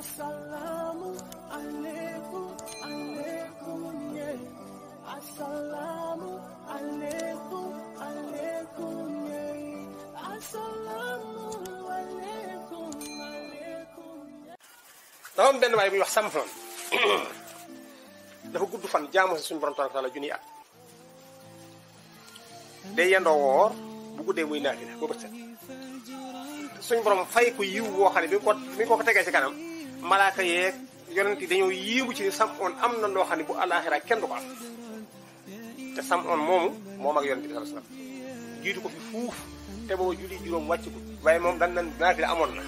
Assalamu alaikum, alaikum, yeah. Assalamu alaikum, alaikum, yeah. Assalamu alaikum, alaikum, yeah. Dafa am benn waay bu ñu wax Samson dafa gudd fan jaamu si suñu borom tabaraka taala junni at day bu muy borom fay ko yiw bi ko ko ci kanam malaaka yeeg yonent yi dañoo yéemu ci ne sam oon am na loo xam bu àllaaxira kenn du ko am te sam oon moomu moom ak yonent bi sallallahu alayhi wasallam jiitu ko fi fuuf te booba julli juróom wàccagul waaye moom dan nan naafila amoon na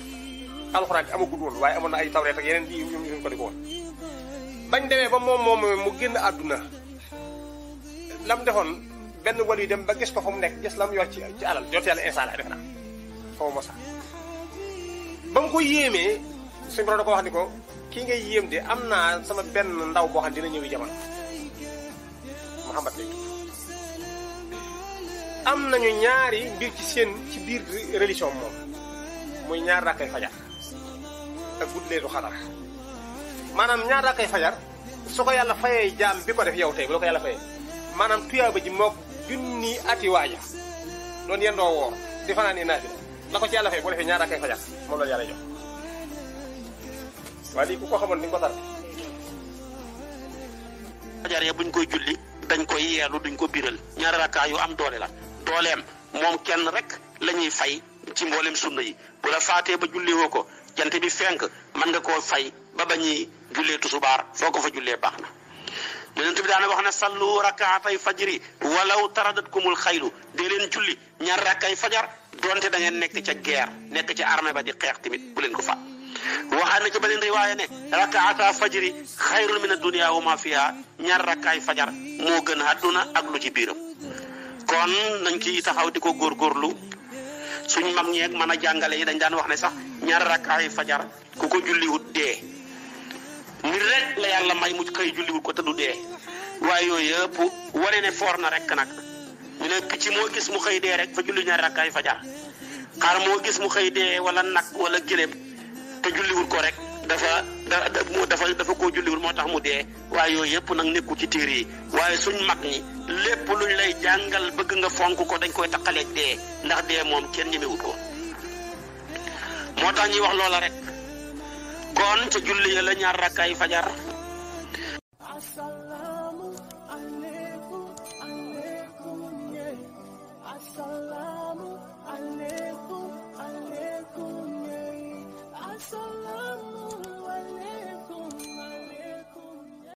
alxuraan bi amagul woon waaye amoon ay tawreet ak yeneen yi ñoom ñu bañ demee ba moom moom mu génn àdduna lam defoon benn wal yu dem ba gis ko fa mu nekk gis lam yor ci ci alal jot yàlla instant la defe naa foofu ba mu ko yéemee suñu borom da ko wax ni ko kii ngay yéem de am naa sama benn ndaw boo xam dina ñëw jamono Muhammad lay tudd am nañu ñaari mbir ci seen ci biir religion moom muy ñaar rakkay fajar ak guddeelu xadar maanaam ñaar rakkay fajar su ko yàlla fayee jaam bi ko def yow tey bu la ko yàlla fayee maanaam tuyaaba ji mook junni ati waaja doon yendoo woor di fanaan ni naafila la ko ci yàlla fay boo defee ñaar rakkay fajar moom la yàlla waa lii ku ko xamoon ni ko tar fajar ya buñ koy julli dañ koy yeelu duñ ko biral ñaari rakka yu am doole la dooleem moom kenn rek lañuy fay ci mboolem sunna yi bu la faatee ba julli woo ko jant bi fenk man nga koo fay ba bañi jullee tusubaar foo ko fa jullee baax yonent bi daana wax sallu rakaatay fajri Walau taradatkumul xaylu dee leen julli ñaar rakkay fajar donte da ngeen nekk ca guerre nekk ca armée ba di xeex tamit bu leen ko fàtt Wahana ci benen riwaya ne rak'ata fajri khairun min ad-dunya wa ma fiha ñar rakay fajar mo gën aduna ak lu ci biram kon nañ ci taxaw diko gor gorlu suñu mam ñi ak mana jangale yi dañ dan wax ne sax ñar rakay fajar ku ko julli wut de ni rek la yalla may mu kay julli wut ko te du dee wane ne foor na rek nak ñu ne picc mo gis mu xey rek fa julli ñar rak'ay fajar xar mo gis mu xey dee wala nak wala te julliwul ko rek dafa dafa dafa koo julliwul moo tax mu dee waaye yooyu yëpp nag nekkul ci tiir yi waaye suñ mag ñi lépp luñ lay jàngal bëgg nga fonk ko dañ koy taqaleeg dee ndax dee moom kenn ñemewut ko moo tax ñuy wax loola rek kon ca julli ya la ñaar rakkaay fajar